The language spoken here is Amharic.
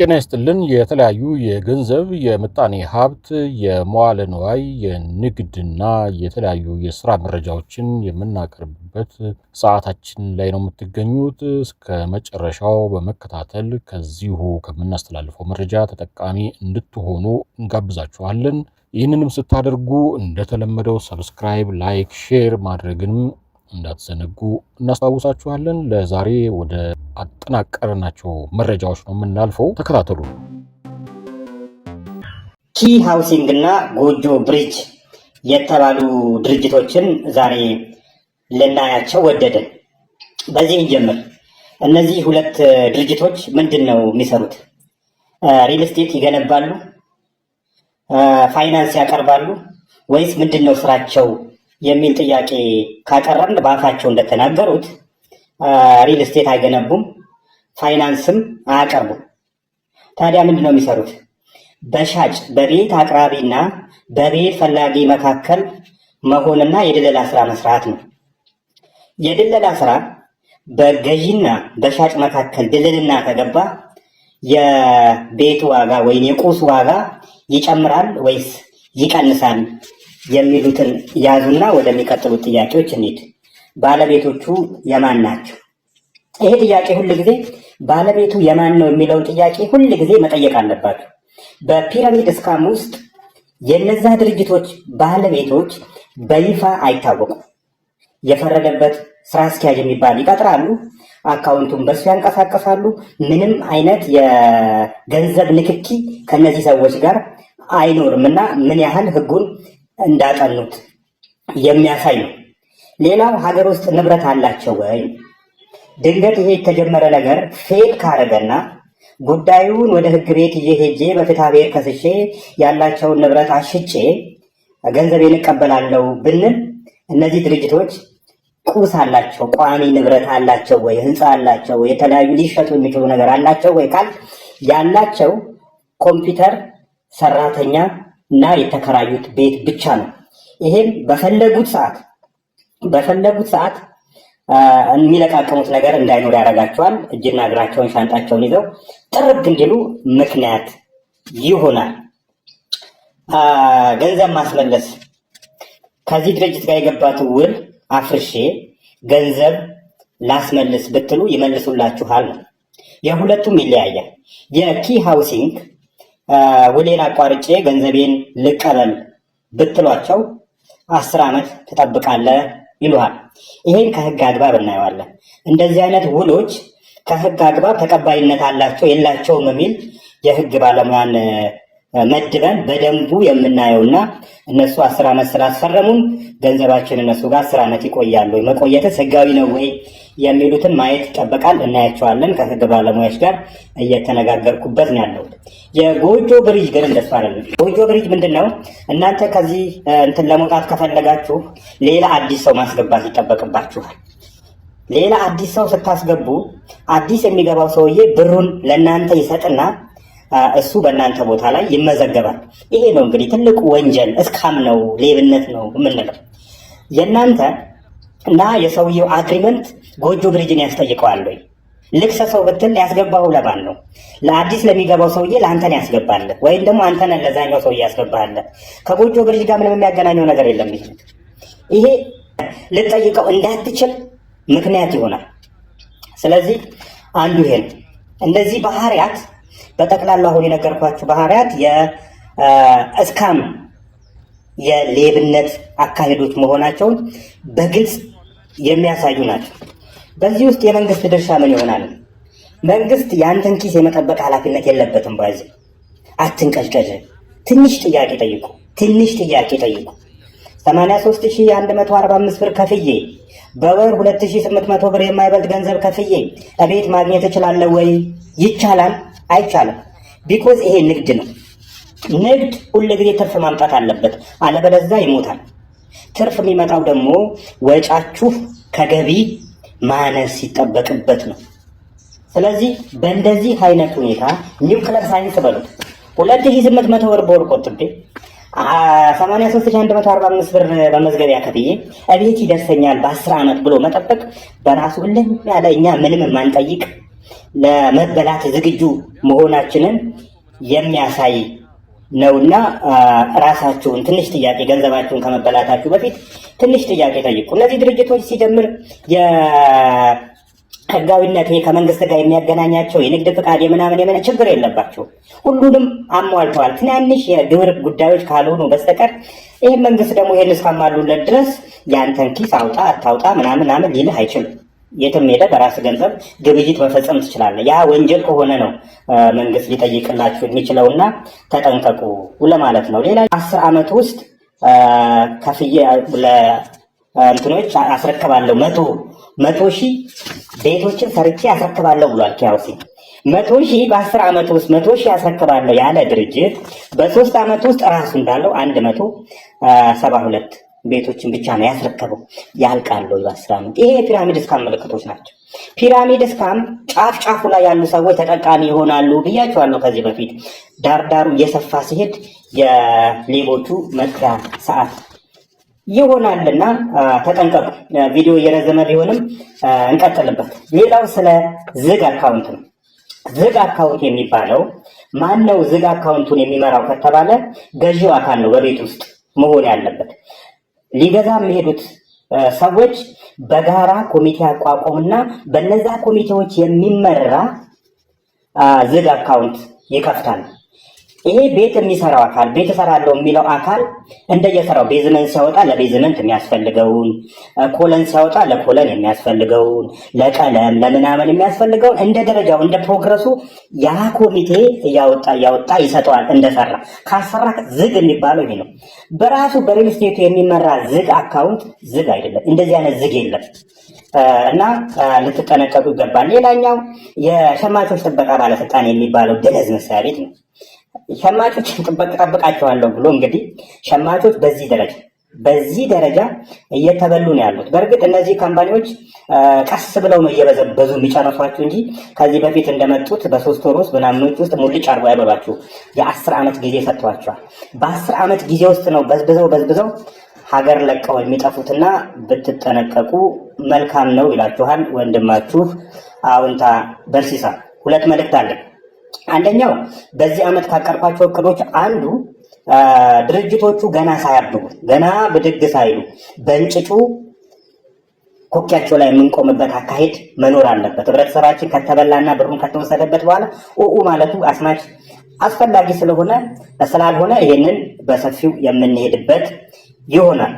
ጤና ይስጥልን። የተለያዩ የገንዘብ የምጣኔ ሀብት የመዋለ ንዋይ የንግድና የተለያዩ የስራ መረጃዎችን የምናቀርብበት ሰዓታችን ላይ ነው የምትገኙት። እስከ መጨረሻው በመከታተል ከዚሁ ከምናስተላልፈው መረጃ ተጠቃሚ እንድትሆኑ እንጋብዛችኋለን። ይህንንም ስታደርጉ እንደተለመደው ሰብስክራይብ፣ ላይክ፣ ሼር ማድረግንም እንዳትዘነጉ እናስታውሳችኋለን። ለዛሬ ወደ አጠናቀርናቸው መረጃዎች ነው የምናልፈው። ተከታተሉ። ኪ ሃውሲንግ እና ጎጆ ብሪጅ የተባሉ ድርጅቶችን ዛሬ ልናያቸው ወደድን። በዚህ እንጀምር። እነዚህ ሁለት ድርጅቶች ምንድን ነው የሚሰሩት? ሪል ስቴት ይገነባሉ? ፋይናንስ ያቀርባሉ? ወይስ ምንድን ነው ስራቸው የሚል ጥያቄ ካቀረብን በአፋቸው እንደተናገሩት ሪል ስቴት አይገነቡም፣ ፋይናንስም አያቀርቡም። ታዲያ ምንድን ነው የሚሰሩት? በሻጭ በቤት አቅራቢና በቤት ፈላጊ መካከል መሆንና የድለላ ስራ መስራት ነው። የድለላ ስራ በገዢና በሻጭ መካከል ድልልና ከገባ የቤት ዋጋ ወይም የቁስ ዋጋ ይጨምራል ወይስ ይቀንሳል የሚሉትን ያዙና ወደሚቀጥሉት ጥያቄዎች እንሂድ። ባለቤቶቹ የማን ናቸው? ይሄ ጥያቄ ሁል ጊዜ ባለቤቱ የማን ነው የሚለውን ጥያቄ ሁል ጊዜ መጠየቅ አለባቸው በፒራሚድ እስካም ውስጥ የነዛ ድርጅቶች ባለቤቶች በይፋ አይታወቁም። የፈረደበት ስራ አስኪያጅ የሚባል ይቀጥራሉ። አካውንቱን በእሱ ያንቀሳቀሳሉ። ምንም አይነት የገንዘብ ንክኪ ከእነዚህ ሰዎች ጋር አይኖርም እና ምን ያህል ህጉን እንዳጠኑት የሚያሳይ ነው። ሌላው ሀገር ውስጥ ንብረት አላቸው ወይ? ድንገት ይሄ የተጀመረ ነገር ፌድ ካረገና ጉዳዩን ወደ ህግ ቤት እየሄጄ በፍትሐ ብሔር ከስሼ ያላቸውን ንብረት አሽጬ ገንዘቤን እቀበላለሁ ብንል እነዚህ ድርጅቶች ቁስ አላቸው፣ ቋሚ ንብረት አላቸው ወይ፣ ህንፃ አላቸው ወይ፣ የተለያዩ ሊሸጡ የሚችሉ ነገር አላቸው ወይ ካል ያላቸው ኮምፒውተር ሰራተኛ እና የተከራዩት ቤት ብቻ ነው። ይሄም በፈለጉት ሰዓት በፈለጉት ሰዓት የሚለቃቀሙት ነገር እንዳይኖር ያደርጋቸዋል። እጅና እግራቸውን ሻንጣቸውን ይዘው ጥርግ እንዲሉ ምክንያት ይሆናል። ገንዘብ ማስመለስ ከዚህ ድርጅት ጋር የገባት ውል አፍርሼ ገንዘብ ላስመልስ ብትሉ ይመልሱላችኋል ነው። የሁለቱም ይለያያል። የኪ ሃውሲንግ ውሌን አቋርጬ ገንዘቤን ልቀበል ብትሏቸው አስር ዓመት ትጠብቃለህ ይሉሃል። ይሄን ከህግ አግባብ እናየዋለን። እንደዚህ አይነት ውሎች ከህግ አግባብ ተቀባይነት አላቸው የላቸውም የሚል የህግ ባለሙያን መድበን በደንቡ የምናየውና እነሱ አስር ዓመት ስላስፈረሙን ገንዘባችን እነሱ ጋር አስር ዓመት ይቆያሉ ወይ መቆየትስ ህጋዊ ነው ወይ የሚሉትን ማየት ይጠበቃል። እናያቸዋለን። ከህግ ባለሙያዎች ጋር እየተነጋገርኩበት ነው ያለው። የጎጆ ብሪጅ ግን እንደሱ አይደለም። ጎጆ ብሪጅ ምንድን ነው? እናንተ ከዚህ እንትን ለመውጣት ከፈለጋችሁ ሌላ አዲስ ሰው ማስገባት ይጠበቅባችኋል። ሌላ አዲስ ሰው ስታስገቡ አዲስ የሚገባው ሰውዬ ብሩን ለእናንተ ይሰጥና እሱ በእናንተ ቦታ ላይ ይመዘገባል። ይሄ ነው እንግዲህ ትልቅ ወንጀል፣ እስካም ነው፣ ሌብነት ነው የምንለው። የእናንተ እና የሰውየው አግሪመንት ጎጆ ብሪጅን ያስጠይቀዋል ወይ? ሰው ብትል ያስገባው ለማን ነው? ለአዲስ ለሚገባው ሰውዬ ለአንተን ያስገባለት ወይም ደግሞ አንተን ለዛኛው ሰውዬ ያስገባለት ከጎጆ ብሪጅ ጋር ምንም የሚያገናኘው ነገር የለም። ይሄ ልጠይቀው እንዳትችል ምክንያት ይሆናል። ስለዚህ አንዱ ይሄን እንደዚህ ባህሪያት በጠቅላላ አሁን የነገርኳችሁ ባህሪያት የእስካም የሌብነት አካሄዶች መሆናቸውን በግልጽ የሚያሳዩ ናቸው። በዚህ ውስጥ የመንግስት ድርሻ ምን ይሆናል? መንግስት የአንተን ኪስ የመጠበቅ ኃላፊነት የለበትም። በዚህ አትንቀጭቀጭ። ትንሽ ጥያቄ ጠይቁ፣ ትንሽ ጥያቄ ጠይቁ። 83145 ብር ከፍዬ በወር 2800 ብር የማይበልጥ ገንዘብ ከፍዬ እቤት ማግኘት እችላለሁ ወይ? ይቻላል። አይቻልም። ቢኮዝ ይሄ ንግድ ነው። ንግድ ሁልጊዜ ትርፍ ማምጣት አለበት፣ አለበለዚያ ይሞታል። ትርፍ የሚመጣው ደግሞ ወጫችሁ ከገቢ ማነስ ሲጠበቅበት ነው። ስለዚህ በእንደዚህ አይነት ሁኔታ ኒውክለር ሳይንስ በሉት መቶ ብር በወር ቆጥቤ 83145 ብር በመዝገቢያ ከፍዬ እቤት ይደርሰኛል በ10 ዓመት ብሎ መጠበቅ በራሱ እልም ያለ እኛ ምንም ማንጠይቅ ለመበላት ዝግጁ መሆናችንን የሚያሳይ ነውና ራሳችሁን ትንሽ ጥያቄ ገንዘባችሁን ከመበላታችሁ በፊት ትንሽ ጥያቄ ጠይቁ። እነዚህ ድርጅቶች ሲጀምር የህጋዊነት ከመንግስት ጋር የሚያገናኛቸው የንግድ ፍቃድ የምናምን የምን ችግር የለባቸውም። ሁሉንም አሟልተዋል። ትናንሽ የግብር ጉዳዮች ካልሆኑ በስተቀር ይህ መንግስት ደግሞ ይህን እስካማሉለት ድረስ የአንተን ኪስ አውጣ አታውጣ ምናምን ምናምን ሊልህ አይችልም። የትም ሄደ በራስ ገንዘብ ግብይት መፈጸም ትችላለህ። ያ ወንጀል ከሆነ ነው መንግስት ሊጠይቅላችሁ የሚችለውና ተጠንቀቁ ለማለት ነው። ሌላ አስር ዓመት ውስጥ ከፍዬ ለእንትኖች አስረክባለሁ መቶ መቶ ሺህ ቤቶችን ሰርቼ አስረክባለሁ ብሏል ኪያውሲ። መቶ ሺህ በአስር ዓመት ውስጥ መቶ ሺህ አስረክባለሁ ያለ ድርጅት በሶስት ዓመት ውስጥ ራሱ እንዳለው አንድ መቶ ሰባ ሁለት ቤቶችን ብቻ ነው ያስረከበው። ያልቃሉ በአስር ይሄ የፒራሚድ እስካም ምልክቶች ናቸው። ፒራሚድ እስካም ጫፍ ጫፉ ላይ ያሉ ሰዎች ተጠቃሚ ይሆናሉ ብያቸዋለሁ ከዚህ በፊት። ዳርዳሩ እየሰፋ ሲሄድ የሌቦቹ መጥሪያ ሰዓት ይሆናልና ተጠንቀቁ። ቪዲዮ እየረዘመ ቢሆንም እንቀጥልበት። ሌላው ስለ ዝግ አካውንት ነው። ዝግ አካውንት የሚባለው ማን ነው? ዝግ አካውንቱን የሚመራው ከተባለ ገዢው አካል ነው በቤት ውስጥ መሆን ያለበት ሊገዛ የሚሄዱት ሰዎች በጋራ ኮሚቴ አቋቁምና በነዛ ኮሚቴዎች የሚመራ ዝግ አካውንት ይከፍታል። ይሄ ቤት የሚሰራው አካል ቤት እሰራለሁ የሚለው አካል እንደየሰራው ቤዝመንት ሲያወጣ ለቤዝመንት የሚያስፈልገውን፣ ኮለን ሲያወጣ ለኮለን የሚያስፈልገውን፣ ለቀለም ለምናምን የሚያስፈልገውን እንደ ደረጃው እንደ ፕሮግረሱ ያ ኮሚቴ እያወጣ እያወጣ ይሰጠዋል። እንደሰራ ካሰራ ዝግ የሚባለው ይሄ ነው። በራሱ በሪል ስቴቱ የሚመራ ዝግ አካውንት ዝግ አይደለም። እንደዚህ አይነት ዝግ የለም እና ልትጠነቀቁ ይገባል። ሌላኛው የሸማቾች ጥበቃ ባለስልጣን የሚባለው ደነዝ መስሪያ ቤት ነው። ሸማቾችን ጠብቃቸዋለሁ ብሎ እንግዲህ ሸማቾች በዚህ ደረጃ በዚህ ደረጃ እየተበሉ ነው ያሉት። በእርግጥ እነዚህ ካምፓኒዎች ቀስ ብለው ነው እየበዘበዙ የሚጨርሷችሁ እንጂ ከዚህ በፊት እንደመጡት በሶስት ወር ውስጥ ምናምኖች ውስጥ ሙልጭ አርጎ አይበሏችሁ። የአስር ዓመት ጊዜ ሰጥቷቸዋል። በአስር ዓመት ጊዜ ውስጥ ነው በዝብዘው በዝብዘው ሀገር ለቀው የሚጠፉትና ብትጠነቀቁ መልካም ነው ይላችኋል ወንድማችሁ አዎንታ በርሲሳ። ሁለት መልእክት አለን። አንደኛው በዚህ ዓመት ካቀርኳቸው እቅዶች አንዱ ድርጅቶቹ ገና ሳያብቡ ገና ብድግ ሳይሉ በእንጭጩ ኮኪያቸው ላይ የምንቆምበት አካሄድ መኖር አለበት። ህብረተሰባችን ከተበላና ብሩን ከተወሰደበት በኋላ ኡኡ ማለቱ አስማች አስፈላጊ ስለሆነ ስላልሆነ ይህንን በሰፊው የምንሄድበት ይሆናል።